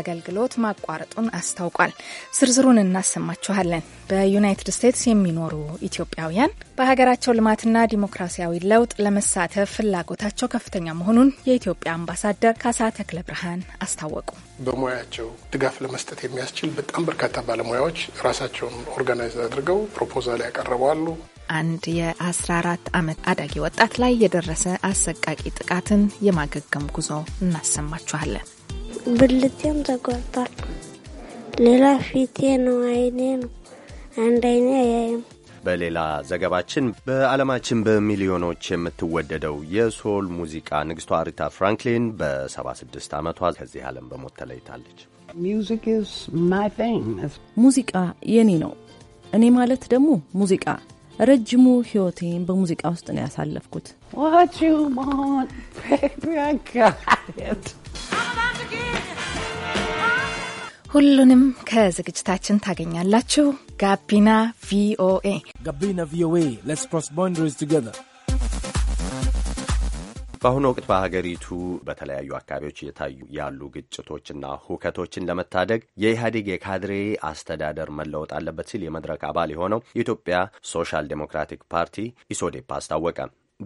አገልግሎት ማቋረጡን አስታውቋል። ዝርዝሩን እናሰማችኋለን። በዩናይትድ ስቴትስ የሚኖሩ ኢትዮጵያውያን በሀገራቸው ልማትና ዲሞክራሲያዊ ለውጥ ለመሳተፍ ፍላጎታቸው ከፍተኛ መሆኑን የኢትዮጵያ አምባሳደር ካሳ ተክለ ብርሃን አስታወቁ። በሙያቸው ድጋፍ ለመስጠት የሚያስችል በጣም በርካታ ባለሙያዎች ራሳቸውን ኦርጋናይዝ አድርገው ፕሮፖዛል ያቀረባሉ። አንድ የ14 ዓመት አዳጊ ወጣት ላይ የደረሰ አሰቃቂ ጥቃትን የማገገም ጉዞ እናሰማችኋለን። ብልቴም ተቆርጧል። ሌላ ፊቴ ነው፣ አይኔ ነው፣ አንድ አይኔ አያይም። በሌላ ዘገባችን በዓለማችን በሚሊዮኖች የምትወደደው የሶል ሙዚቃ ንግሥቷ አሪታ ፍራንክሊን በ76 ዓመቷ ከዚህ ዓለም በሞት ተለይታለች። ሙዚቃ የኔ ነው፣ እኔ ማለት ደግሞ ሙዚቃ። ረጅሙ ሕይወቴን በሙዚቃ ውስጥ ነው ያሳለፍኩት። ሁሉንም ከዝግጅታችን ታገኛላችሁ። ጋቢና ቪኦኤ ጋቢና ቪኦኤ ሌትስ ክሮስ ቦንደሪስ ቱጌዘር። በአሁኑ ወቅት በሀገሪቱ በተለያዩ አካባቢዎች እየታዩ ያሉ ግጭቶችና ሁከቶችን ለመታደግ የኢህአዴግ የካድሬ አስተዳደር መለወጥ አለበት ሲል የመድረክ አባል የሆነው የኢትዮጵያ ሶሻል ዴሞክራቲክ ፓርቲ ኢሶዴፓ አስታወቀ።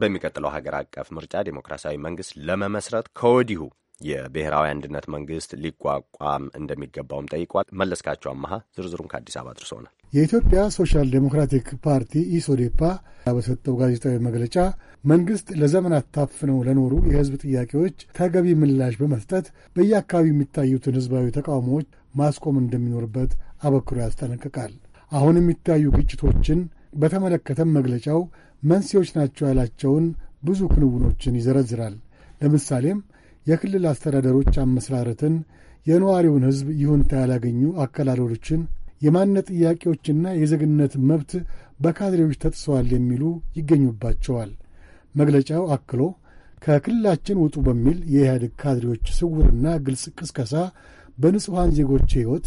በሚቀጥለው ሀገር አቀፍ ምርጫ ዴሞክራሲያዊ መንግስት ለመመስረት ከወዲሁ የብሔራዊ አንድነት መንግስት ሊቋቋም እንደሚገባውም ጠይቋል። መለስካቸው አመሃ ዝርዝሩን ከአዲስ አበባ አድርሶናል። የኢትዮጵያ ሶሻል ዴሞክራቲክ ፓርቲ ኢሶዴፓ በሰጠው ጋዜጣዊ መግለጫ መንግስት ለዘመናት ታፍነው ለኖሩ የህዝብ ጥያቄዎች ተገቢ ምላሽ በመስጠት በየአካባቢው የሚታዩትን ህዝባዊ ተቃውሞዎች ማስቆም እንደሚኖርበት አበክሮ ያስጠነቅቃል። አሁን የሚታዩ ግጭቶችን በተመለከተም መግለጫው መንስኤዎች ናቸው ያላቸውን ብዙ ክንውኖችን ይዘረዝራል። ለምሳሌም የክልል አስተዳደሮች አመስራረትን የነዋሪውን ሕዝብ ይሁንታ ያላገኙ አከላለሎችን፣ የማንነት ጥያቄዎችና የዜግነት መብት በካድሬዎች ተጥሰዋል የሚሉ ይገኙባቸዋል። መግለጫው አክሎ ከክልላችን ውጡ በሚል የኢህአዴግ ካድሬዎች ስውርና ግልጽ ቅስቀሳ በንጹሐን ዜጎች ሕይወት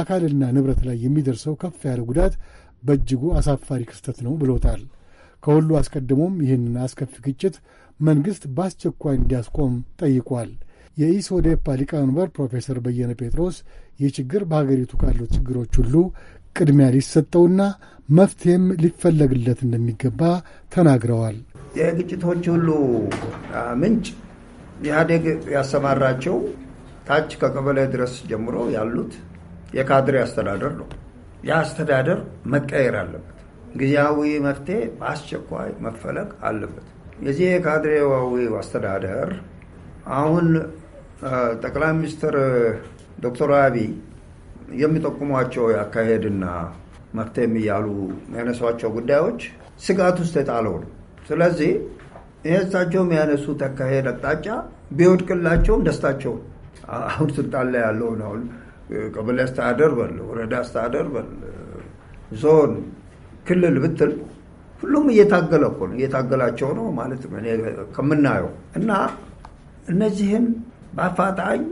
አካልና ንብረት ላይ የሚደርሰው ከፍ ያለ ጉዳት በእጅጉ አሳፋሪ ክስተት ነው ብሎታል። ከሁሉ አስቀድሞም ይህን አስከፊ ግጭት መንግሥት በአስቸኳይ እንዲያስቆም ጠይቋል። የኢሶዴፓ ሊቀመንበር ፕሮፌሰር በየነ ጴጥሮስ ይህ ችግር በሀገሪቱ ካሉት ችግሮች ሁሉ ቅድሚያ ሊሰጠውና መፍትሔም ሊፈለግለት እንደሚገባ ተናግረዋል። የግጭቶች ሁሉ ምንጭ ኢህአዴግ ያሰማራቸው ታች ከቀበሌ ድረስ ጀምሮ ያሉት የካድሬ አስተዳደር ነው። ያ አስተዳደር መቀየር አለበት። ጊዜያዊ መፍትሄ በአስቸኳይ መፈለግ አለበት። የዚህ የካድሬዋዊ አስተዳደር አሁን ጠቅላይ ሚኒስትር ዶክተር አብይ የሚጠቁሟቸው ያካሄድና መፍትሄም እያሉ ያነሷቸው ጉዳዮች ስጋት ውስጥ የጣለው ነው። ስለዚህ ይህሳቸውም ያነሱት አካሄድ አቅጣጫ ቢወድቅላቸውም ደስታቸው አሁን ስልጣን ላይ ያለውን አሁን ቀበሌ አስተዳደር በል፣ ወረዳ አስተዳደር በል፣ ዞን፣ ክልል ብትል ሁሉም እየታገለ እኮ ነው እየታገላቸው ነው ማለት ከምናየው እና እነዚህን በአፋጣኝ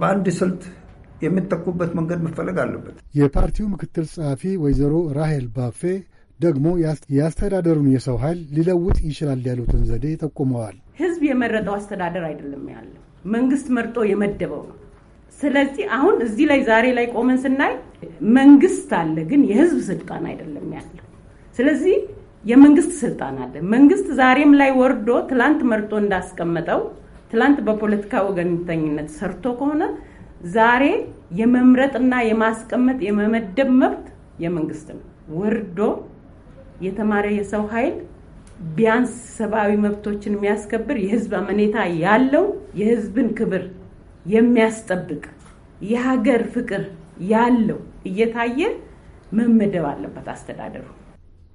በአንድ ስልት የሚተኩበት መንገድ መፈለግ አለበት። የፓርቲው ምክትል ጸሐፊ ወይዘሮ ራሄል ባፌ ደግሞ የአስተዳደሩን የሰው ኃይል ሊለውጥ ይችላል ያሉትን ዘዴ ጠቁመዋል። ህዝብ የመረጠው አስተዳደር አይደለም ያለው መንግስት መርጦ የመደበው ነው። ስለዚህ አሁን እዚህ ላይ ዛሬ ላይ ቆመን ስናይ መንግስት አለ፣ ግን የህዝብ ስልጣን አይደለም ያለው ስለዚህ የመንግስት ስልጣን አለ። መንግስት ዛሬም ላይ ወርዶ ትላንት መርጦ እንዳስቀመጠው ትላንት በፖለቲካ ወገንተኝነት ሰርቶ ከሆነ ዛሬ የመምረጥና የማስቀመጥ የመመደብ መብት የመንግስት ነው። ወርዶ የተማረ የሰው ኃይል ቢያንስ ሰብአዊ መብቶችን የሚያስከብር የህዝብ አመኔታ ያለው የህዝብን ክብር የሚያስጠብቅ የሀገር ፍቅር ያለው እየታየ መመደብ አለበት አስተዳደሩ።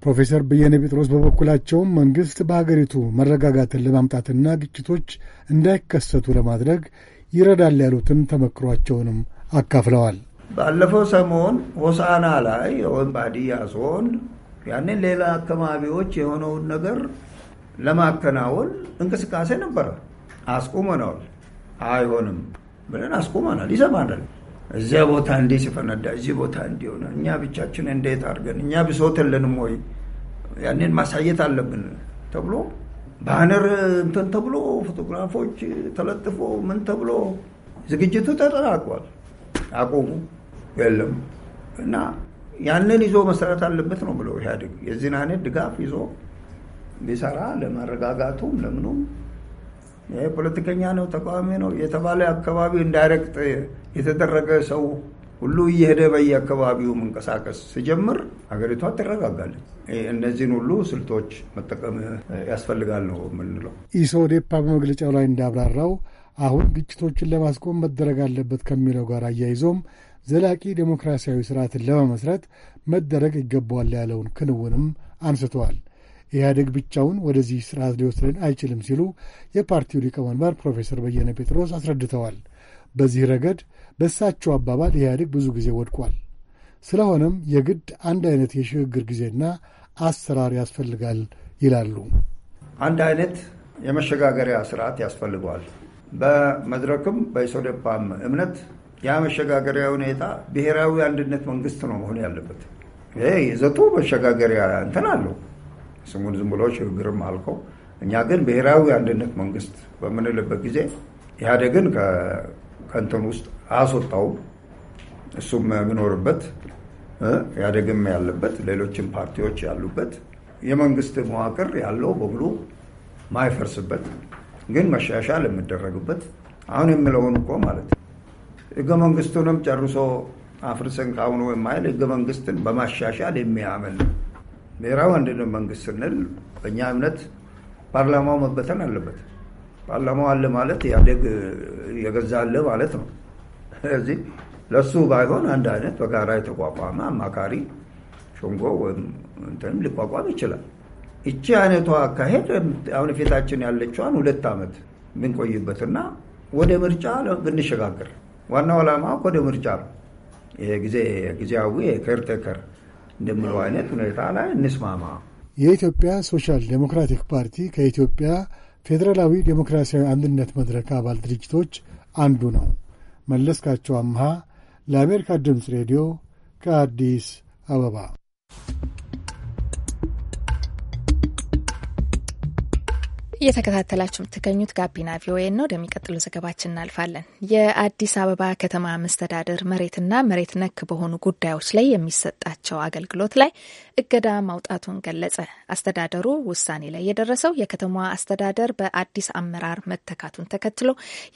ፕሮፌሰር በየነ ጴጥሮስ በበኩላቸውም መንግሥት በሀገሪቱ መረጋጋትን ለማምጣትና ግጭቶች እንዳይከሰቱ ለማድረግ ይረዳል ያሉትን ተመክሯቸውንም አካፍለዋል። ባለፈው ሰሞን ሆሳና ላይ ወይም ባዲያ ዞን ያንን ሌላ አካባቢዎች የሆነውን ነገር ለማከናወን እንቅስቃሴ ነበረ። አስቁመነዋል። አይሆንም ብለን አስቁመናል። ይሰማናል። እዚያ ቦታ እንዴ ሲፈነዳ እዚህ ቦታ እንዲሆነ እኛ ብቻችን እንዴት አድርገን እኛ ብሶት የለንም ወይ ያንን ማሳየት አለብን ተብሎ ባነር እንትን ተብሎ ፎቶግራፎች ተለጥፎ ምን ተብሎ ዝግጅቱ ተጠናቋል። አቆሙ የለም እና ያንን ይዞ መሰረት አለበት ነው ብለው ኢህአዴግ የዚህን አይነት ድጋፍ ይዞ ቢሰራ ለመረጋጋቱም ለምኑም ይሄ ፖለቲከኛ ነው ተቃዋሚ ነው የተባለ አካባቢ እንዳይረግጥ የተደረገ ሰው ሁሉ እየሄደ በየአካባቢው መንቀሳቀስ ሲጀምር ሀገሪቷ ትረጋጋለች። እነዚህን ሁሉ ስልቶች መጠቀም ያስፈልጋል ነው የምንለው። ኢሶዴፓ በመግለጫው ላይ እንዳብራራው አሁን ግጭቶችን ለማስቆም መደረግ አለበት ከሚለው ጋር አያይዞም ዘላቂ ዴሞክራሲያዊ ስርዓትን ለመመስረት መደረግ ይገባዋል ያለውን ክንውንም አንስተዋል። ኢህአዴግ ብቻውን ወደዚህ ስርዓት ሊወስደን አይችልም ሲሉ የፓርቲው ሊቀመንበር ፕሮፌሰር በየነ ጴጥሮስ አስረድተዋል። በዚህ ረገድ በእሳቸው አባባል ኢህአዴግ ብዙ ጊዜ ወድቋል። ስለሆነም የግድ አንድ አይነት የሽግግር ጊዜና አሰራር ያስፈልጋል ይላሉ። አንድ አይነት የመሸጋገሪያ ስርዓት ያስፈልገዋል። በመድረክም በኢሶደፓም እምነት ያ መሸጋገሪያ ሁኔታ ብሔራዊ አንድነት መንግስት ነው መሆን ያለበት። ይሄ ይዘቱ መሸጋገሪያ እንትን አለው ስሙን ዝም ብሎ ሽግግርም አልከው። እኛ ግን ብሔራዊ አንድነት መንግስት በምንልበት ጊዜ ኢህአዴግን ከእንትን ውስጥ አያስወጣውም። እሱም የሚኖርበት ኢህአዴግም ያለበት ሌሎችም ፓርቲዎች ያሉበት የመንግስት መዋቅር ያለው በሙሉ ማይፈርስበት ግን መሻሻል የሚደረግበት አሁን የምለውን እኮ ማለት ነው። ህገ መንግስቱንም ጨርሶ አፍርሰን ከአሁኑ የማይል ህገ መንግስትን በማሻሻል የሚያምን ብሔራዊ አንድነት መንግስት ስንል በእኛ እምነት ፓርላማው መበተን አለበት። ፓርላማው አለ ማለት ኢህአዴግ የገዛ አለ ማለት ነው። ስለዚህ ለሱ ባይሆን አንድ አይነት በጋራ የተቋቋመ አማካሪ ሾንጎ ወይም እንትንም ሊቋቋም ይችላል። ይቺ አይነቷ አካሄድ አሁን ፊታችን ያለችዋን ሁለት ዓመት ብንቆይበትና ወደ ምርጫ ብንሸጋግር ዋናው ዓላማ ወደ ምርጫ ነው። ይሄ ጊዜ ጊዜያዊ ኬርቴከር እንደምለው አይነት ሁኔታ ላይ እንስማማ። የኢትዮጵያ ሶሻል ዴሞክራቲክ ፓርቲ ከኢትዮጵያ ፌዴራላዊ ዴሞክራሲያዊ አንድነት መድረክ አባል ድርጅቶች አንዱ ነው። መለስካቸው አምሃ ለአሜሪካ ድምፅ ሬዲዮ ከአዲስ አበባ እየተከታተላችሁ የምትገኙት ጋቢና ቪኦኤ ነው። ወደሚቀጥሉ ዘገባችን እናልፋለን። የአዲስ አበባ ከተማ መስተዳደር መሬትና መሬት ነክ በሆኑ ጉዳዮች ላይ የሚሰጣቸው አገልግሎት ላይ እገዳ ማውጣቱን ገለጸ። አስተዳደሩ ውሳኔ ላይ የደረሰው የከተማዋ አስተዳደር በአዲስ አመራር መተካቱን ተከትሎ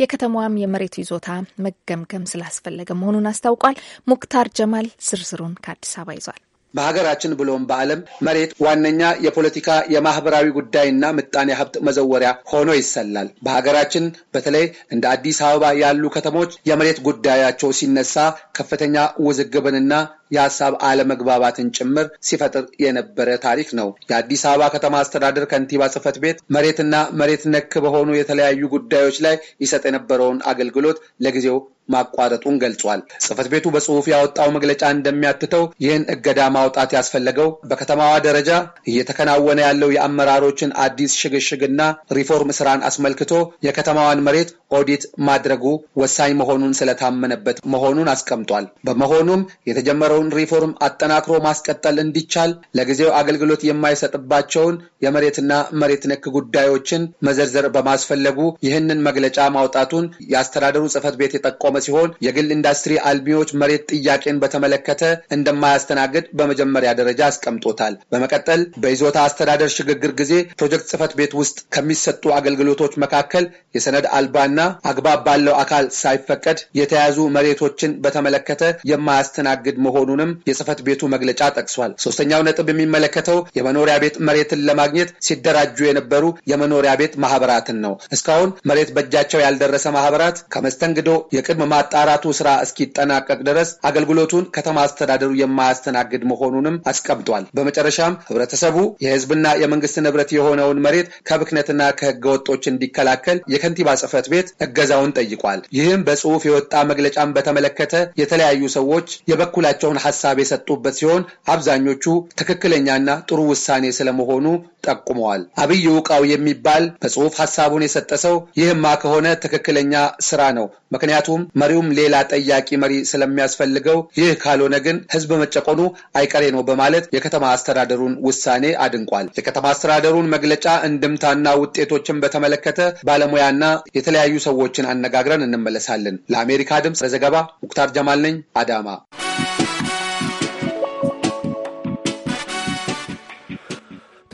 የከተማዋም የመሬቱ ይዞታ መገምገም ስላስፈለገ መሆኑን አስታውቋል። ሙክታር ጀማል ዝርዝሩን ከአዲስ አበባ ይዟል። በሀገራችን ብሎም በዓለም መሬት ዋነኛ የፖለቲካ የማህበራዊ ጉዳይና ምጣኔ ሀብት መዘወሪያ ሆኖ ይሰላል። በሀገራችን በተለይ እንደ አዲስ አበባ ያሉ ከተሞች የመሬት ጉዳያቸው ሲነሳ ከፍተኛ ውዝግብንና የሀሳብ አለመግባባትን ጭምር ሲፈጥር የነበረ ታሪክ ነው። የአዲስ አበባ ከተማ አስተዳደር ከንቲባ ጽህፈት ቤት መሬትና መሬት ነክ በሆኑ የተለያዩ ጉዳዮች ላይ ይሰጥ የነበረውን አገልግሎት ለጊዜው ማቋረጡን ገልጿል። ጽህፈት ቤቱ በጽሁፍ ያወጣው መግለጫ እንደሚያትተው ይህን እገዳ ማውጣት ያስፈለገው በከተማዋ ደረጃ እየተከናወነ ያለው የአመራሮችን አዲስ ሽግሽግና ሪፎርም ስራን አስመልክቶ የከተማዋን መሬት ኦዲት ማድረጉ ወሳኝ መሆኑን ስለታመነበት መሆኑን አስቀምጧል። በመሆኑም የተጀመረው የነበረውን ሪፎርም አጠናክሮ ማስቀጠል እንዲቻል ለጊዜው አገልግሎት የማይሰጥባቸውን የመሬትና መሬት ነክ ጉዳዮችን መዘርዘር በማስፈለጉ ይህንን መግለጫ ማውጣቱን የአስተዳደሩ ጽህፈት ቤት የጠቆመ ሲሆን የግል ኢንዱስትሪ አልሚዎች መሬት ጥያቄን በተመለከተ እንደማያስተናግድ በመጀመሪያ ደረጃ አስቀምጦታል። በመቀጠል በይዞታ አስተዳደር ሽግግር ጊዜ ፕሮጀክት ጽህፈት ቤት ውስጥ ከሚሰጡ አገልግሎቶች መካከል የሰነድ አልባና አግባብ ባለው አካል ሳይፈቀድ የተያዙ መሬቶችን በተመለከተ የማያስተናግድ መሆኑ መሆኑንም የጽህፈት ቤቱ መግለጫ ጠቅሷል። ሶስተኛው ነጥብ የሚመለከተው የመኖሪያ ቤት መሬትን ለማግኘት ሲደራጁ የነበሩ የመኖሪያ ቤት ማህበራትን ነው። እስካሁን መሬት በእጃቸው ያልደረሰ ማህበራት ከመስተንግዶ የቅድመ ማጣራቱ ስራ እስኪጠናቀቅ ድረስ አገልግሎቱን ከተማ አስተዳደሩ የማያስተናግድ መሆኑንም አስቀምጧል። በመጨረሻም ህብረተሰቡ የህዝብና የመንግስት ንብረት የሆነውን መሬት ከብክነትና ከህገ ወጦች እንዲከላከል የከንቲባ ጽህፈት ቤት እገዛውን ጠይቋል። ይህም በጽሁፍ የወጣ መግለጫን በተመለከተ የተለያዩ ሰዎች የበኩላቸውን የሚለውን ሀሳብ የሰጡበት ሲሆን አብዛኞቹ ትክክለኛና ጥሩ ውሳኔ ስለመሆኑ ጠቁመዋል። አብይ ውቃው የሚባል በጽሁፍ ሀሳቡን የሰጠ ሰው ይህማ ከሆነ ትክክለኛ ስራ ነው፣ ምክንያቱም መሪውም ሌላ ጠያቂ መሪ ስለሚያስፈልገው፣ ይህ ካልሆነ ግን ህዝብ መጨቆኑ አይቀሬ ነው በማለት የከተማ አስተዳደሩን ውሳኔ አድንቋል። የከተማ አስተዳደሩን መግለጫ እንድምታና ውጤቶችን በተመለከተ ባለሙያና የተለያዩ ሰዎችን አነጋግረን እንመለሳለን። ለአሜሪካ ድምፅ ለዘገባ ሙክታር ጀማል ነኝ አዳማ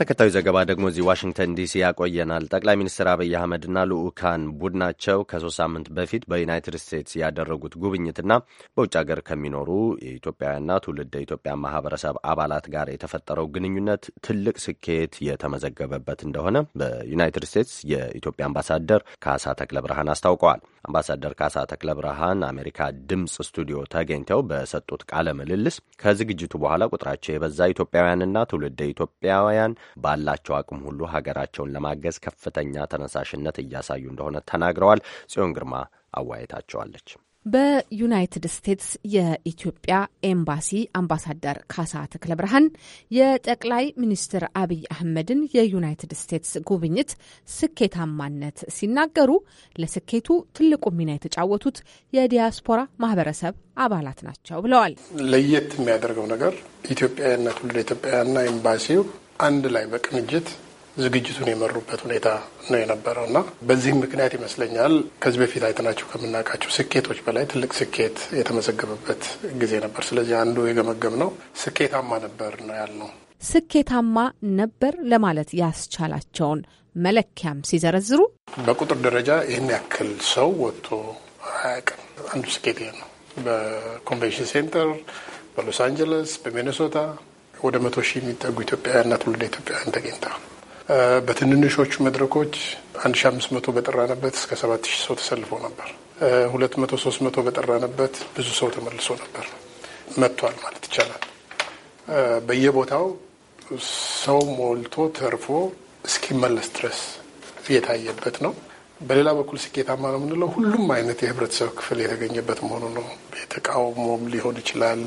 ተከታዩ ዘገባ ደግሞ እዚህ ዋሽንግተን ዲሲ ያቆየናል። ጠቅላይ ሚኒስትር አብይ አህመድና ልዑካን ቡድናቸው ከሶስት ሳምንት በፊት በዩናይትድ ስቴትስ ያደረጉት ጉብኝትና በውጭ ሀገር ከሚኖሩ የኢትዮጵያውያንና ትውልደ ኢትዮጵያ ማህበረሰብ አባላት ጋር የተፈጠረው ግንኙነት ትልቅ ስኬት የተመዘገበበት እንደሆነ በዩናይትድ ስቴትስ የኢትዮጵያ አምባሳደር ካሳ ተክለ ብርሃን አስታውቀዋል። አምባሳደር ካሳ ተክለ ብርሃን አሜሪካ ድምፅ ስቱዲዮ ተገኝተው በሰጡት ቃለ ምልልስ ከዝግጅቱ በኋላ ቁጥራቸው የበዛ ኢትዮጵያውያንና ትውልደ ኢትዮጵያውያን ባላቸው አቅም ሁሉ ሀገራቸውን ለማገዝ ከፍተኛ ተነሳሽነት እያሳዩ እንደሆነ ተናግረዋል። ጽዮን ግርማ አወያይታቸዋለች። በዩናይትድ ስቴትስ የኢትዮጵያ ኤምባሲ አምባሳደር ካሳ ተክለ ብርሃን የጠቅላይ ሚኒስትር አብይ አህመድን የዩናይትድ ስቴትስ ጉብኝት ስኬታማነት ሲናገሩ ለስኬቱ ትልቁ ሚና የተጫወቱት የዲያስፖራ ማህበረሰብ አባላት ናቸው ብለዋል። ለየት የሚያደርገው ነገር ኢትዮጵያውያንና ትውልደ ኢትዮጵያውያንና ኤምባሲው አንድ ላይ በቅንጅት ዝግጅቱን የመሩበት ሁኔታ ነው የነበረው እና በዚህም ምክንያት ይመስለኛል ከዚህ በፊት አይተናቸው ከምናውቃቸው ስኬቶች በላይ ትልቅ ስኬት የተመዘገበበት ጊዜ ነበር። ስለዚህ አንዱ የገመገም ነው ስኬታማ ነበር ነው ያልነው። ስኬታማ ነበር ለማለት ያስቻላቸውን መለኪያም ሲዘረዝሩ በቁጥር ደረጃ ይህን ያክል ሰው ወጥቶ አያውቅም። አንዱ ስኬት ይሄ ነው። በኮንቬንሽን ሴንተር በሎስ አንጀለስ፣ በሚኔሶታ ወደ መቶ ሺህ የሚጠጉ ኢትዮጵያውያንና ትውልደ ኢትዮጵያውያን ተገኝተዋል። በትንንሾቹ መድረኮች 1500 በጠራንበት እስከ 7000 ሰው ተሰልፎ ነበር። 200 300 በጠራንበት ብዙ ሰው ተመልሶ ነበር መጥቷል ማለት ይቻላል። በየቦታው ሰው ሞልቶ ተርፎ እስኪመለስ ድረስ የታየበት ነው። በሌላ በኩል ስኬታማ ነው የምንለው ሁሉም አይነት የህብረተሰብ ክፍል የተገኘበት መሆኑ ነው። የተቃውሞም ሊሆን ይችላል፣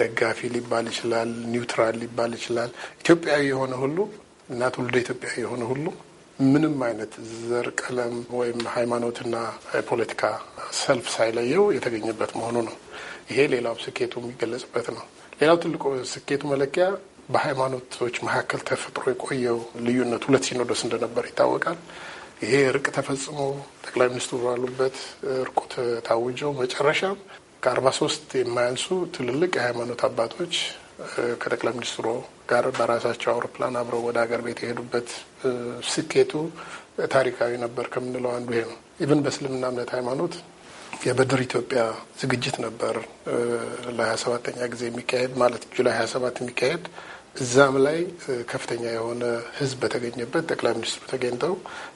ደጋፊ ሊባል ይችላል፣ ኒውትራል ሊባል ይችላል። ኢትዮጵያዊ የሆነ ሁሉ እና ትውልደ ኢትዮጵያ የሆነ ሁሉ ምንም አይነት ዘር፣ ቀለም ወይም ሃይማኖትና ፖለቲካ ሰልፍ ሳይለየው የተገኘበት መሆኑ ነው። ይሄ ሌላው ስኬቱ የሚገለጽበት ነው። ሌላው ትልቁ ስኬቱ መለኪያ በሃይማኖቶች መካከል ተፈጥሮ የቆየው ልዩነት ሁለት ሲኖዶስ እንደነበር ይታወቃል። ይሄ እርቅ ተፈጽሞ ጠቅላይ ሚኒስትሩ ባሉበት እርቁ ታውጀው መጨረሻም ከአርባ ሶስት የማያንሱ ትልልቅ የሃይማኖት አባቶች ከጠቅላይ ሚኒስትሩ ጋር በራሳቸው አውሮፕላን አብረው ወደ ሀገር ቤት የሄዱበት ስኬቱ ታሪካዊ ነበር ከምንለው አንዱ ይሄ ነው። ኢቭን በእስልምና እምነት ሃይማኖት የበድር ኢትዮጵያ ዝግጅት ነበር ለሀያ ሰባተኛ ጊዜ የሚካሄድ ማለት ጁላይ ሀያ ሰባት የሚካሄድ እዛም ላይ ከፍተኛ የሆነ ህዝብ በተገኘበት ጠቅላይ ሚኒስትሩ ተገኝተው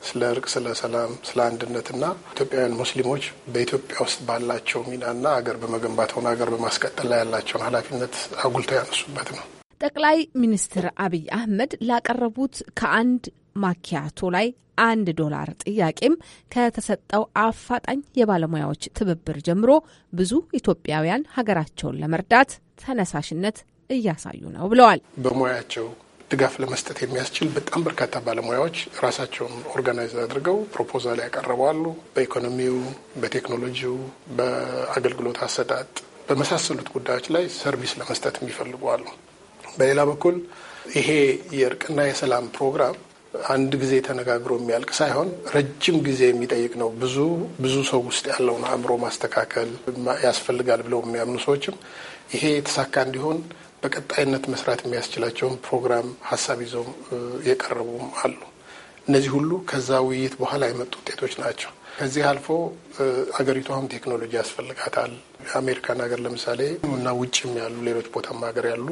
ስለ እርቅ፣ ስለ ሰላም፣ ስለ አንድነትና ኢትዮጵያውያን ሙስሊሞች በኢትዮጵያ ውስጥ ባላቸው ሚናና አገር በመገንባት ሆነ አገር በማስቀጠል ላይ ያላቸውን ኃላፊነት አጉልተው ያነሱበት ነው። ጠቅላይ ሚኒስትር አብይ አህመድ ላቀረቡት ከአንድ ማኪያቶ ላይ አንድ ዶላር ጥያቄም ከተሰጠው አፋጣኝ የባለሙያዎች ትብብር ጀምሮ ብዙ ኢትዮጵያውያን ሀገራቸውን ለመርዳት ተነሳሽነት እያሳዩ ነው ብለዋል። በሙያቸው ድጋፍ ለመስጠት የሚያስችል በጣም በርካታ ባለሙያዎች ራሳቸውን ኦርጋናይዝ አድርገው ፕሮፖዛል ያቀረባሉ። በኢኮኖሚው፣ በቴክኖሎጂው፣ በአገልግሎት አሰጣጥ በመሳሰሉት ጉዳዮች ላይ ሰርቪስ ለመስጠት የሚፈልጉ አሉ። በሌላ በኩል ይሄ የእርቅና የሰላም ፕሮግራም አንድ ጊዜ ተነጋግሮ የሚያልቅ ሳይሆን ረጅም ጊዜ የሚጠይቅ ነው። ብዙ ብዙ ሰው ውስጥ ያለውን አእምሮ ማስተካከል ያስፈልጋል ብለው የሚያምኑ ሰዎችም ይሄ የተሳካ እንዲሆን በቀጣይነት መስራት የሚያስችላቸውን ፕሮግራም ሀሳብ ይዘው የቀረቡም አሉ። እነዚህ ሁሉ ከዛ ውይይት በኋላ የመጡ ውጤቶች ናቸው። ከዚህ አልፎ አገሪቷም ቴክኖሎጂ ያስፈልጋታል። አሜሪካን ሀገር ለምሳሌ እና ውጭም ያሉ ሌሎች ቦታም ሀገር ያሉ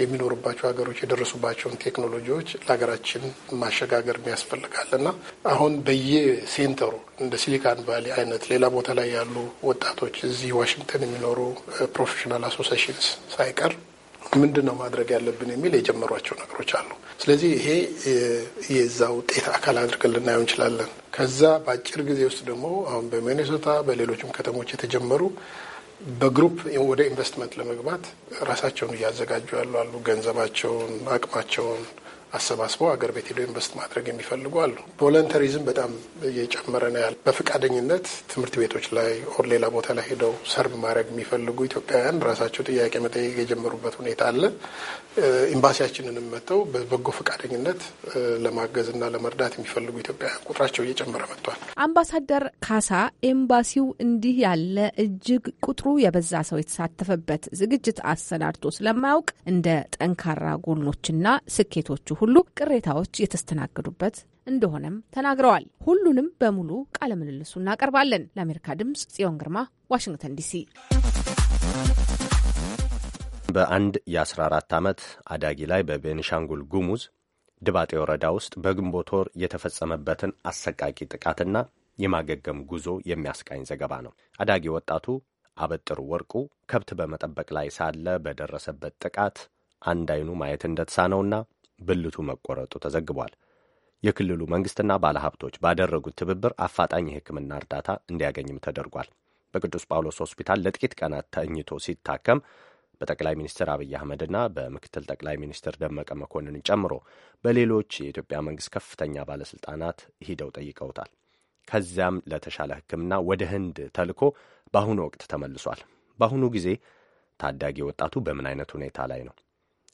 የሚኖሩባቸው ሀገሮች የደረሱባቸውን ቴክኖሎጂዎች ለሀገራችን ማሸጋገር ያስፈልጋል እና አሁን በየሴንተሩ እንደ ሲሊካን ቫሊ አይነት ሌላ ቦታ ላይ ያሉ ወጣቶች እዚህ ዋሽንግተን የሚኖሩ ፕሮፌሽናል አሶሲሽንስ ሳይቀር ምንድን ነው ማድረግ ያለብን የሚል የጀመሯቸው ነገሮች አሉ። ስለዚህ ይሄ የዛ ውጤት አካል አድርገን ልናየው እንችላለን። ከዛ በአጭር ጊዜ ውስጥ ደግሞ አሁን በሚኔሶታ በሌሎችም ከተሞች የተጀመሩ በግሩፕ ወደ ኢንቨስትመንት ለመግባት ራሳቸውን እያዘጋጁ ያሉ አሉ። ገንዘባቸውን፣ አቅማቸውን አሰባስበው አገር ቤት ሄደው ኢንቨስት ማድረግ የሚፈልጉ አሉ። ቮለንተሪዝም በጣም እየጨመረ ነው ያለ። በፈቃደኝነት ትምህርት ቤቶች ላይ ኦር ሌላ ቦታ ላይ ሄደው ሰርብ ማድረግ የሚፈልጉ ኢትዮጵያውያን ራሳቸው ጥያቄ መጠየቅ የጀመሩበት ሁኔታ አለ። ኤምባሲያችንንም መጥተው በበጎ ፈቃደኝነት ለማገዝ እና ለመርዳት የሚፈልጉ ኢትዮጵያውያን ቁጥራቸው እየጨመረ መጥቷል። አምባሳደር ካሳ ኤምባሲው እንዲህ ያለ እጅግ ቁጥሩ የበዛ ሰው የተሳተፈበት ዝግጅት አሰናድቶ ስለማያውቅ እንደ ጠንካራ ጎኖችና ስኬቶቹ ሁሉ ቅሬታዎች የተስተናገዱበት እንደሆነም ተናግረዋል። ሁሉንም በሙሉ ቃለ ምልልሱ እናቀርባለን። ለአሜሪካ ድምጽ ጽዮን ግርማ፣ ዋሽንግተን ዲሲ። በአንድ የ14 ዓመት አዳጊ ላይ በቤኒሻንጉል ጉሙዝ ድባጤ ወረዳ ውስጥ በግንቦት ወር የተፈጸመበትን አሰቃቂ ጥቃትና የማገገም ጉዞ የሚያስቃኝ ዘገባ ነው። አዳጊ ወጣቱ አበጥር ወርቁ ከብት በመጠበቅ ላይ ሳለ በደረሰበት ጥቃት አንድ አይኑ ማየት እንደተሳነውና ብልቱ መቆረጡ ተዘግቧል። የክልሉ መንግስትና ባለሀብቶች ባደረጉት ትብብር አፋጣኝ የሕክምና እርዳታ እንዲያገኝም ተደርጓል። በቅዱስ ጳውሎስ ሆስፒታል ለጥቂት ቀናት ተኝቶ ሲታከም በጠቅላይ ሚኒስትር አብይ አህመድና በምክትል ጠቅላይ ሚኒስትር ደመቀ መኮንን ጨምሮ በሌሎች የኢትዮጵያ መንግስት ከፍተኛ ባለስልጣናት ሂደው ጠይቀውታል። ከዚያም ለተሻለ ሕክምና ወደ ህንድ ተልኮ በአሁኑ ወቅት ተመልሷል። በአሁኑ ጊዜ ታዳጊ ወጣቱ በምን አይነት ሁኔታ ላይ ነው?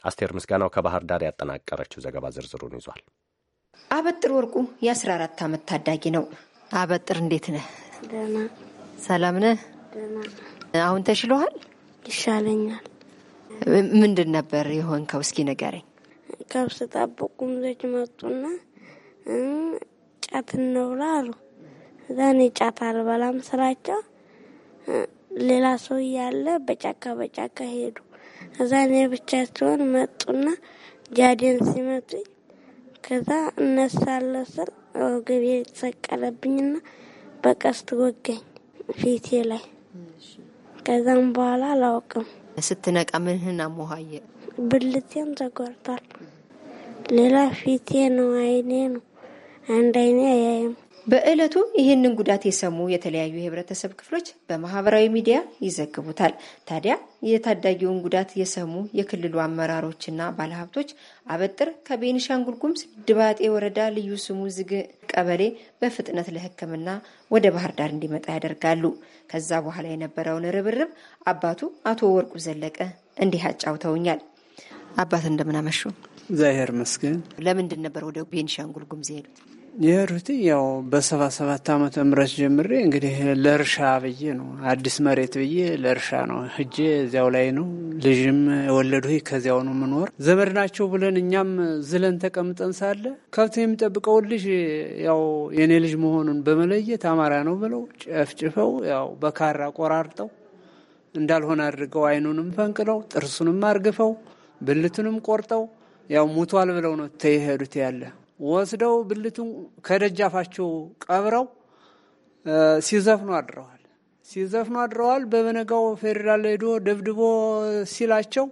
አስቴር ምስጋናው ከባህር ዳር ያጠናቀረችው ዘገባ ዝርዝሩን ይዟል። አበጥር ወርቁ የ14 ዓመት ታዳጊ ነው። አበጥር እንዴት ነህ? ደህና ሰላም ነህ? አሁን ተሽሎሃል? ይሻለኛል። ምንድን ነበር የሆንከው? እስኪ ንገረኝ። ከብስ ጠብቁ ምዞች መጡና ጫት እንብላ አሉ። እዛኔ ጫት አልበላም ስላቸው ሌላ ሰው እያለ በጫካ በጫካ ሄዱ። እዛ እኔ ብቻቸውን መጡና ጃዴን ሲመቱኝ ከዛ እነሳለሁ ስል ወገቤ የተሰቀለብኝና በቀስት ወገኝ ፊቴ ላይ። ከዛም በኋላ አላውቅም። ስትነቃ ምንህን አሞሀየ? ብልቴም ተጎርቷል። ሌላ ፊቴ ነው አይኔ ነው አንድ አይኔ አያይም። በዕለቱ ይህንን ጉዳት የሰሙ የተለያዩ የህብረተሰብ ክፍሎች በማህበራዊ ሚዲያ ይዘግቡታል። ታዲያ የታዳጊውን ጉዳት የሰሙ የክልሉ አመራሮችና ባለሀብቶች አበጥር ከቤኒሻንጉል ጉሙዝ ድባጤ ወረዳ ልዩ ስሙ ዝግ ቀበሌ በፍጥነት ለሕክምና ወደ ባህር ዳር እንዲመጣ ያደርጋሉ። ከዛ በኋላ የነበረውን ርብርብ አባቱ አቶ ወርቁ ዘለቀ እንዲህ አጫውተውኛል። አባት እንደምናመሹ? እግዚአብሔር ይመስገን። ለምንድን ነበር ወደ ቤኒሻንጉል ጉሙዝ የሄዱት? የሄዱት ያው በሰባ ሰባት ዓመተ ምህረት ጀምሬ እንግዲህ ለእርሻ ብዬ ነው አዲስ መሬት ብዬ ለእርሻ ነው ህጄ እዚያው ላይ ነው ልጅም የወለዱ ከዚያው ነው ምኖር ዘመድ ናቸው ብለን እኛም ዝለን ተቀምጠን ሳለ ከብት የሚጠብቀውን ልጅ ያው የእኔ ልጅ መሆኑን በመለየት አማራ ነው ብለው ጨፍጭፈው ያው በካራ ቆራርጠው እንዳልሆነ አድርገው አይኑንም ፈንቅለው ጥርሱንም አርግፈው ብልቱንም ቆርጠው ያው ሙቷል ብለው ነው ተይሄዱት ያለ ወስደው ብልቱን ከደጃፋቸው ቀብረው ሲዘፍኑ አድረዋል። ሲዘፍኑ አድረዋል። በበነጋው ፌዴራል ሄዶ ደብድቦ ሲላቸው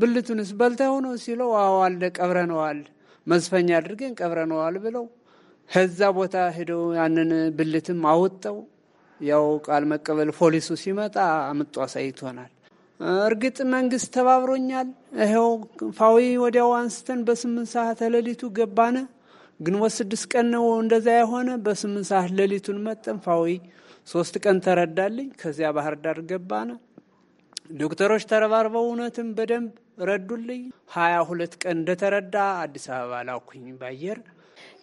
ብልቱንስ በልታ ሆኖ ሲለው አዎ አለ ቀብረነዋል፣ መዝፈኛ አድርገን ቀብረነዋል ብለው ከዛ ቦታ ሄደው ያንን ብልትም አውጠው ያው ቃል መቀበል ፖሊሱ ሲመጣ አምጦ አሳይቶናል። እርግጥ መንግስት ተባብሮኛል። ይኸው ፋዊ ወዲያው አንስተን በስምንት ሰዓት ሌሊቱ ገባነ። ግንቦት ስድስት ቀን ነው እንደዛ የሆነ። በስምንት ሰዓት ሌሊቱን መጠን ፋዊ ሶስት ቀን ተረዳልኝ። ከዚያ ባህር ዳር ገባነ። ዶክተሮች ተረባርበው እውነትም በደንብ ረዱልኝ። ሀያ ሁለት ቀን እንደተረዳ አዲስ አበባ ላኩኝ ባየር።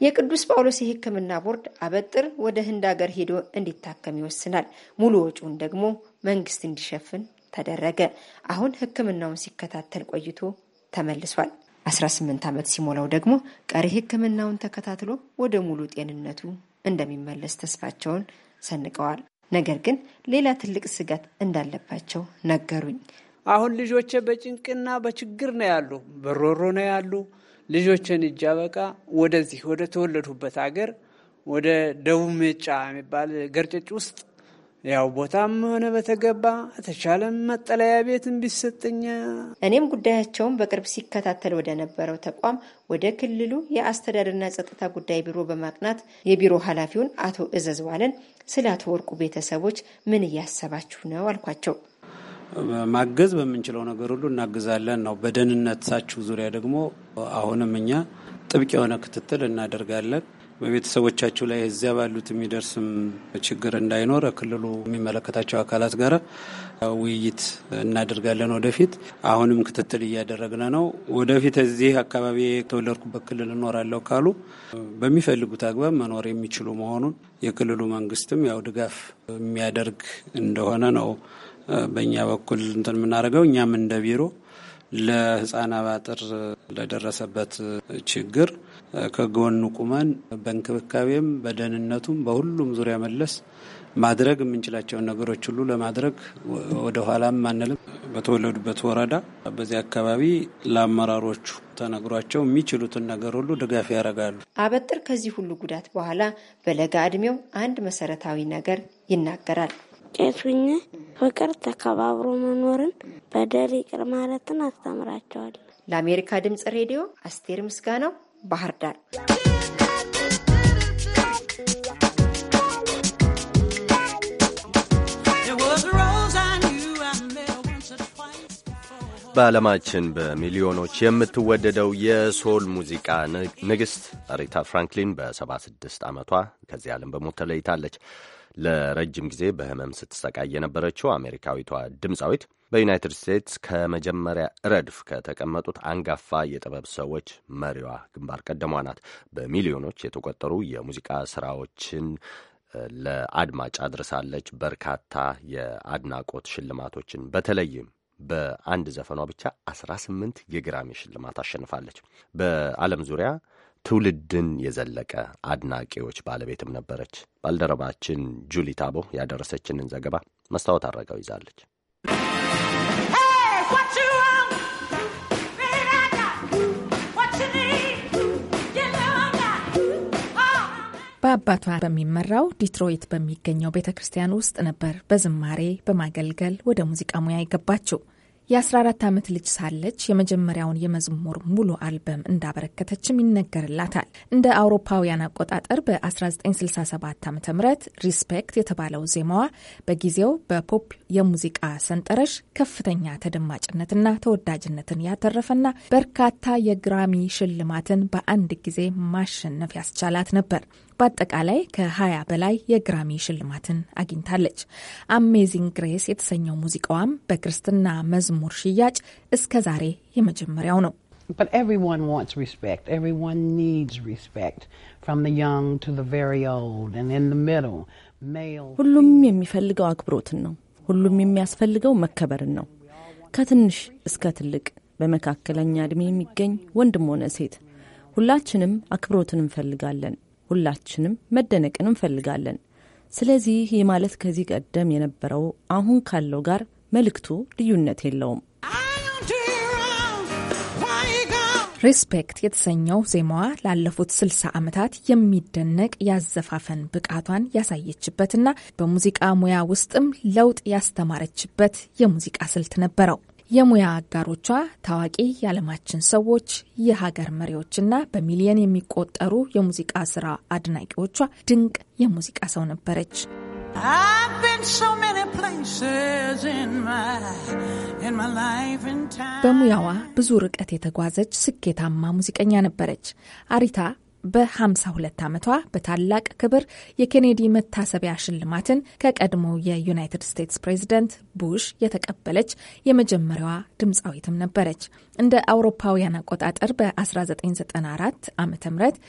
የቅዱስ ጳውሎስ የሕክምና ቦርድ አበጥር ወደ ህንድ ሀገር ሄዶ እንዲታከም ይወስናል። ሙሉ ወጪውን ደግሞ መንግስት እንዲሸፍን ተደረገ። አሁን ሕክምናውን ሲከታተል ቆይቶ ተመልሷል። 18 ዓመት ሲሞላው ደግሞ ቀሪ ሕክምናውን ተከታትሎ ወደ ሙሉ ጤንነቱ እንደሚመለስ ተስፋቸውን ሰንቀዋል። ነገር ግን ሌላ ትልቅ ስጋት እንዳለባቸው ነገሩኝ። አሁን ልጆቼ በጭንቅና በችግር ነው ያሉ፣ በሮሮ ነው ያሉ። ልጆቼን እጃበቃ ወደዚህ ወደ ተወለዱበት አገር ወደ ደቡብ ሜጫ የሚባል ገርጨጭ ውስጥ ያው ቦታም ሆነ በተገባ ተቻለም መጠለያ ቤት ቢሰጠኛ እኔም ጉዳያቸውን በቅርብ ሲከታተል ወደ ነበረው ተቋም ወደ ክልሉ የአስተዳደርና ጸጥታ ጉዳይ ቢሮ በማቅናት የቢሮ ኃላፊውን አቶ እዘዝ ዋለን ስለ አቶ ወርቁ ቤተሰቦች ምን እያሰባችሁ ነው አልኳቸው። ማገዝ በምንችለው ነገር ሁሉ እናግዛለን ነው። በደህንነታችሁ ዙሪያ ደግሞ አሁንም እኛ ጥብቅ የሆነ ክትትል እናደርጋለን። በቤተሰቦቻቸው ላይ እዚያ ባሉት የሚደርስም ችግር እንዳይኖር ክልሉ የሚመለከታቸው አካላት ጋር ውይይት እናደርጋለን። ወደፊት አሁንም ክትትል እያደረግን ነው። ወደፊት እዚህ አካባቢ የተወለድኩበት ክልል እኖራለሁ ካሉ በሚፈልጉት አግባብ መኖር የሚችሉ መሆኑን የክልሉ መንግስትም ያው ድጋፍ የሚያደርግ እንደሆነ ነው በእኛ በኩል እንትን የምናደርገው እኛም እንደ ቢሮ ለህፃን አባጥር ለደረሰበት ችግር ከጎኑ ቁመን በእንክብካቤም በደህንነቱም በሁሉም ዙሪያ መለስ ማድረግ የምንችላቸውን ነገሮች ሁሉ ለማድረግ ወደኋላም አንልም። በተወለዱበት ወረዳ በዚህ አካባቢ ለአመራሮቹ ተነግሯቸው የሚችሉትን ነገር ሁሉ ድጋፍ ያደርጋሉ። አበጥር ከዚህ ሁሉ ጉዳት በኋላ በለጋ እድሜው አንድ መሰረታዊ ነገር ይናገራል። ቄሱኝ ፍቅር፣ ተከባብሮ መኖርን፣ በደል ይቅር ማለትን አስተምራቸዋል። ለአሜሪካ ድምጽ ሬዲዮ አስቴር ምስጋናው ባህር ዳር። በዓለማችን በሚሊዮኖች የምትወደደው የሶል ሙዚቃ ንግሥት አሬታ ፍራንክሊን በ76 ዓመቷ ከዚህ ዓለም በሞት ተለይታለች። ለረጅም ጊዜ በህመም ስትሰቃይ የነበረችው አሜሪካዊቷ ድምፃዊት በዩናይትድ ስቴትስ ከመጀመሪያ ረድፍ ከተቀመጡት አንጋፋ የጥበብ ሰዎች መሪዋ ግንባር ቀደሟ ናት። በሚሊዮኖች የተቆጠሩ የሙዚቃ ስራዎችን ለአድማጭ አድርሳለች። በርካታ የአድናቆት ሽልማቶችን በተለይም በአንድ ዘፈኗ ብቻ 18 የግራሚ ሽልማት አሸንፋለች። በዓለም ዙሪያ ትውልድን የዘለቀ አድናቂዎች ባለቤትም ነበረች። ባልደረባችን ጁሊ ታቦ ያደረሰችንን ዘገባ መስታወት አረጋው ይዛለች። በአባቷ በሚመራው ዲትሮይት በሚገኘው ቤተ ክርስቲያን ውስጥ ነበር በዝማሬ በማገልገል ወደ ሙዚቃ ሙያ የገባችው። የ14 ዓመት ልጅ ሳለች የመጀመሪያውን የመዝሙር ሙሉ አልበም እንዳበረከተችም ይነገርላታል። እንደ አውሮፓውያን አቆጣጠር በ1967 ዓ ም ሪስፔክት የተባለው ዜማዋ በጊዜው በፖፕ የሙዚቃ ሰንጠረዥ ከፍተኛ ተደማጭነትና ተወዳጅነትን ያተረፈና በርካታ የግራሚ ሽልማትን በአንድ ጊዜ ማሸነፍ ያስቻላት ነበር። በአጠቃላይ ከ20 በላይ የግራሚ ሽልማትን አግኝታለች። አሜዚንግ ግሬስ የተሰኘው ሙዚቃዋም በክርስትና መዝሙር ሽያጭ እስከ ዛሬ የመጀመሪያው ነው። But everyone wants respect. Everyone needs respect. From the young to the very old and in the middle. Male, ሁሉም የሚፈልገው አክብሮትን ነው። ሁሉም የሚያስፈልገው መከበርን ነው። ከትንሽ እስከ ትልቅ በመካከለኛ ዕድሜ የሚገኝ ወንድም ሆነ ሴት ሁላችንም አክብሮትን እንፈልጋለን። ሁላችንም መደነቅን እንፈልጋለን። ስለዚህ ይህ ማለት ከዚህ ቀደም የነበረው አሁን ካለው ጋር መልእክቱ ልዩነት የለውም። ሪስፔክት የተሰኘው ዜማዋ ላለፉት ስልሳ ዓመታት የሚደነቅ ያዘፋፈን ብቃቷን ያሳየችበትና በሙዚቃ ሙያ ውስጥም ለውጥ ያስተማረችበት የሙዚቃ ስልት ነበረው። የሙያ አጋሮቿ ታዋቂ የዓለማችን ሰዎች፣ የሀገር መሪዎችና በሚሊየን የሚቆጠሩ የሙዚቃ ስራ አድናቂዎቿ ድንቅ የሙዚቃ ሰው ነበረች። በሙያዋ ብዙ ርቀት የተጓዘች ስኬታማ ሙዚቀኛ ነበረች። አሪታ በ52 ዓመቷ በታላቅ ክብር የኬኔዲ መታሰቢያ ሽልማትን ከቀድሞ የዩናይትድ ስቴትስ ፕሬዚደንት ቡሽ የተቀበለች የመጀመሪያዋ ድምፃዊትም ነበረች። እንደ አውሮፓውያን አቆጣጠር በ1994 ዓ ም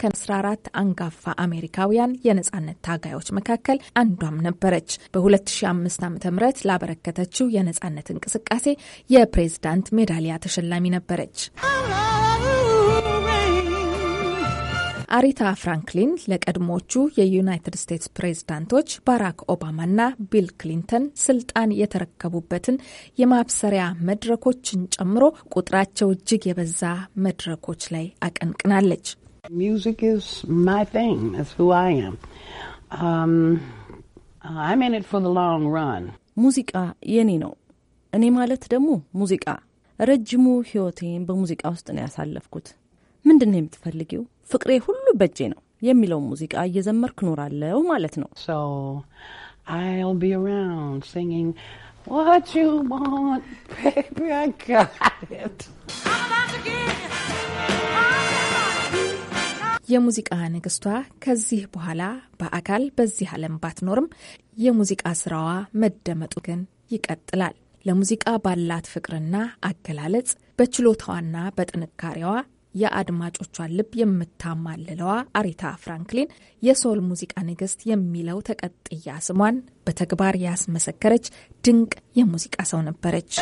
ከ14 አንጋፋ አሜሪካውያን የነፃነት ታጋዮች መካከል አንዷም ነበረች። በ2005 ዓ ም ላበረከተችው የነፃነት እንቅስቃሴ የፕሬዝዳንት ሜዳሊያ ተሸላሚ ነበረች። አሪታ ፍራንክሊን ለቀድሞቹ የዩናይትድ ስቴትስ ፕሬዝዳንቶች ባራክ ኦባማና ቢል ክሊንተን ስልጣን የተረከቡበትን የማብሰሪያ መድረኮችን ጨምሮ ቁጥራቸው እጅግ የበዛ መድረኮች ላይ አቀንቅናለች። um, ሙዚቃ የኔ ነው። እኔ ማለት ደግሞ ሙዚቃ ረጅሙ ሕይወቴን በሙዚቃ ውስጥ ነው ያሳለፍኩት። ምንድን ነው የምትፈልጊው? ፍቅሬ ሁሉ በእጄ ነው የሚለው ሙዚቃ እየዘመርኩ ኖራለው ማለት ነው። የሙዚቃ ንግስቷ ከዚህ በኋላ በአካል በዚህ ዓለም ባትኖርም የሙዚቃ ስራዋ መደመጡ ግን ይቀጥላል። ለሙዚቃ ባላት ፍቅርና አገላለጽ በችሎታዋና በጥንካሬዋ የአድማጮቿን ልብ የምታማልለዋ አሪታ ፍራንክሊን የሶል ሙዚቃ ንግስት የሚለው ተቀጥያ ስሟን በተግባር ያስመሰከረች ድንቅ የሙዚቃ ሰው ነበረች።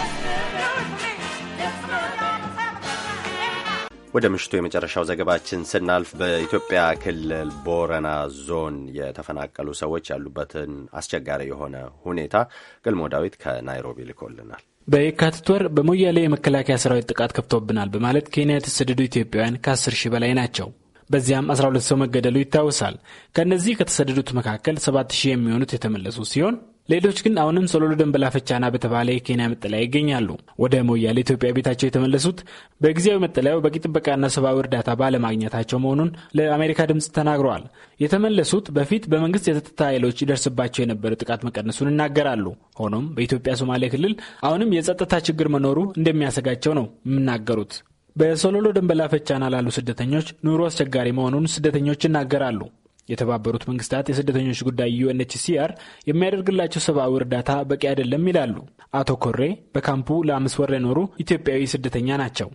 ወደ ምሽቱ የመጨረሻው ዘገባችን ስናልፍ በኢትዮጵያ ክልል ቦረና ዞን የተፈናቀሉ ሰዎች ያሉበትን አስቸጋሪ የሆነ ሁኔታ ገልሞ ዳዊት ከናይሮቢ ልኮልናል። በየካቲት ወር በሞያሌ የመከላከያ ሰራዊት ጥቃት ከፍቶብናል በማለት ኬንያ የተሰደዱ ኢትዮጵያውያን ከ10 ሺህ በላይ ናቸው። በዚያም 12 ሰው መገደሉ ይታወሳል። ከእነዚህ ከተሰደዱት መካከል 7 ሺህ የሚሆኑት የተመለሱ ሲሆን ሌሎች ግን አሁንም ሶሎሎ ደንበላ ፈቻና በተባለ የኬንያ መጠለያ ይገኛሉ። ወደ ሞያሌ ኢትዮጵያ ቤታቸው የተመለሱት በጊዜያዊ መጠለያው በቂ ጥበቃና ሰብአዊ እርዳታ ባለማግኘታቸው መሆኑን ለአሜሪካ ድምፅ ተናግረዋል። የተመለሱት በፊት በመንግስት የጸጥታ ኃይሎች ይደርስባቸው የነበረ ጥቃት መቀነሱን ይናገራሉ። ሆኖም በኢትዮጵያ ሶማሌ ክልል አሁንም የጸጥታ ችግር መኖሩ እንደሚያሰጋቸው ነው የሚናገሩት። በሶሎሎ ደንበላ ፈቻና ላሉ ስደተኞች ኑሮ አስቸጋሪ መሆኑን ስደተኞች ይናገራሉ። የተባበሩት መንግስታት የስደተኞች ጉዳይ ዩኤንኤችሲአር የሚያደርግላቸው ሰብአዊ እርዳታ በቂ አይደለም ይላሉ። አቶ ኮሬ በካምፑ ለአምስት ወር የኖሩ ኢትዮጵያዊ ስደተኛ ናቸው።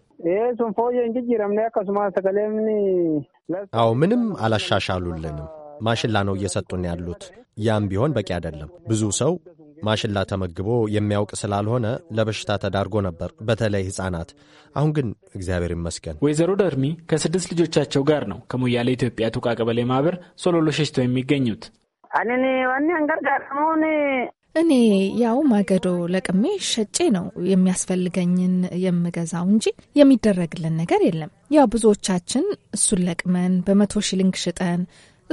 አዎ፣ ምንም አላሻሻሉልንም። ማሽላ ነው እየሰጡን ያሉት። ያም ቢሆን በቂ አይደለም። ብዙ ሰው ማሽላ ተመግቦ የሚያውቅ ስላልሆነ ለበሽታ ተዳርጎ ነበር፣ በተለይ ሕፃናት። አሁን ግን እግዚአብሔር ይመስገን። ወይዘሮ ደርሚ ከስድስት ልጆቻቸው ጋር ነው ከሞያሌ ኢትዮጵያ ቱቃ ቀበሌ ማህበር ሶሎሎ ሸሽተው የሚገኙት። እኔ ያው ማገዶ ለቅሜ ሸጬ ነው የሚያስፈልገኝን የምገዛው እንጂ የሚደረግልን ነገር የለም። ያው ብዙዎቻችን እሱን ለቅመን በመቶ ሺሊንግ ሽጠን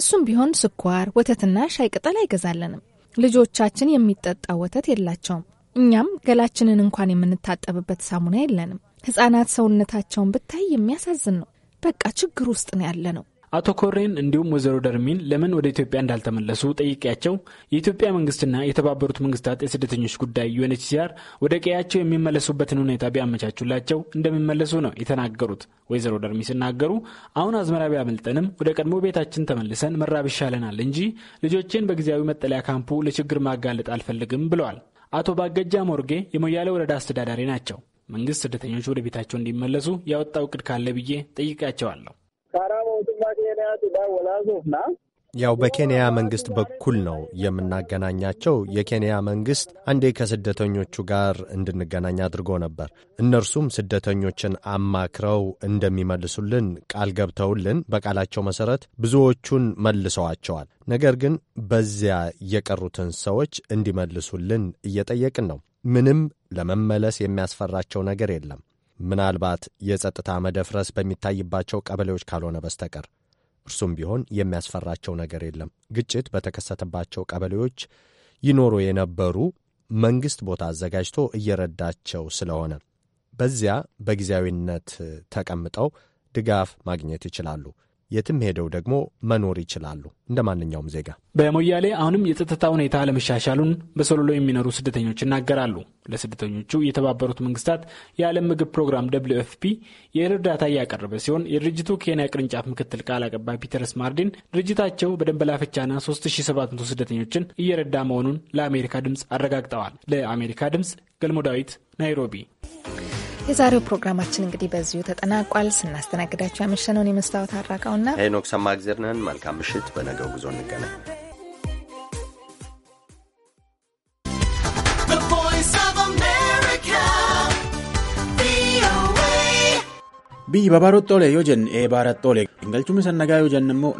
እሱም ቢሆን ስኳር፣ ወተትና ሻይ ቅጠል አይገዛለንም። ልጆቻችን የሚጠጣ ወተት የላቸውም። እኛም ገላችንን እንኳን የምንታጠብበት ሳሙና የለንም። ሕፃናት ሰውነታቸውን ብታይ የሚያሳዝን ነው። በቃ ችግር ውስጥ ነው ያለ ነው። አቶ ኮሬን እንዲሁም ወይዘሮ ደርሚን ለምን ወደ ኢትዮጵያ እንዳልተመለሱ ጠይቄያቸው የኢትዮጵያ መንግስትና የተባበሩት መንግስታት የስደተኞች ጉዳይ ዩኤንኤችሲአር ወደ ቀያቸው የሚመለሱበትን ሁኔታ ቢያመቻቹላቸው እንደሚመለሱ ነው የተናገሩት። ወይዘሮ ደርሚ ሲናገሩ አሁን አዝመራ ቢያመልጠንም ወደ ቀድሞ ቤታችን ተመልሰን መራብ ይሻለናል እንጂ ልጆቼን በጊዜያዊ መጠለያ ካምፑ ለችግር ማጋለጥ አልፈልግም ብለዋል። አቶ ባገጃ ሞርጌ የሞያሌ ወረዳ አስተዳዳሪ ናቸው። መንግስት ስደተኞች ወደ ቤታቸው እንዲመለሱ ያወጣው እቅድ ካለ ብዬ ጠይቃቸዋለሁ። ያው በኬንያ መንግስት በኩል ነው የምናገናኛቸው። የኬንያ መንግስት አንዴ ከስደተኞቹ ጋር እንድንገናኝ አድርጎ ነበር። እነርሱም ስደተኞችን አማክረው እንደሚመልሱልን ቃል ገብተውልን በቃላቸው መሰረት ብዙዎቹን መልሰዋቸዋል። ነገር ግን በዚያ የቀሩትን ሰዎች እንዲመልሱልን እየጠየቅን ነው። ምንም ለመመለስ የሚያስፈራቸው ነገር የለም። ምናልባት የጸጥታ መደፍረስ በሚታይባቸው ቀበሌዎች ካልሆነ በስተቀር እርሱም ቢሆን የሚያስፈራቸው ነገር የለም። ግጭት በተከሰተባቸው ቀበሌዎች ይኖሩ የነበሩ መንግሥት ቦታ አዘጋጅቶ እየረዳቸው ስለሆነ በዚያ በጊዜያዊነት ተቀምጠው ድጋፍ ማግኘት ይችላሉ። የትም ሄደው ደግሞ መኖር ይችላሉ እንደ ማንኛውም ዜጋ። በሞያሌ አሁንም የጸጥታ ሁኔታ አለመሻሻሉን በሶሎሎ የሚኖሩ ስደተኞች ይናገራሉ። ለስደተኞቹ የተባበሩት መንግስታት የዓለም ምግብ ፕሮግራም ደብሊው ኤፍፒ የእህል እርዳታ እያቀረበ ሲሆን የድርጅቱ ኬንያ ቅርንጫፍ ምክትል ቃል አቀባይ ፒተርስ ማርዲን ድርጅታቸው በደንበላፍቻና 3700 ስደተኞችን እየረዳ መሆኑን ለአሜሪካ ድምፅ አረጋግጠዋል። ለአሜሪካ ድምፅ ገልሞ ዳዊት ናይሮቢ የዛሬው ፕሮግራማችን እንግዲህ በዚሁ ተጠናቋል። ስናስተናግዳችሁ ያመሸነውን የመስታወት አራቃውና ሄኖክ ሰማእግዜር ነን። መልካም ምሽት። በነገው ጉዞ እንገናኝ። biyyi babaroottoolee yoo jenne ee baarattoolee galchuun isa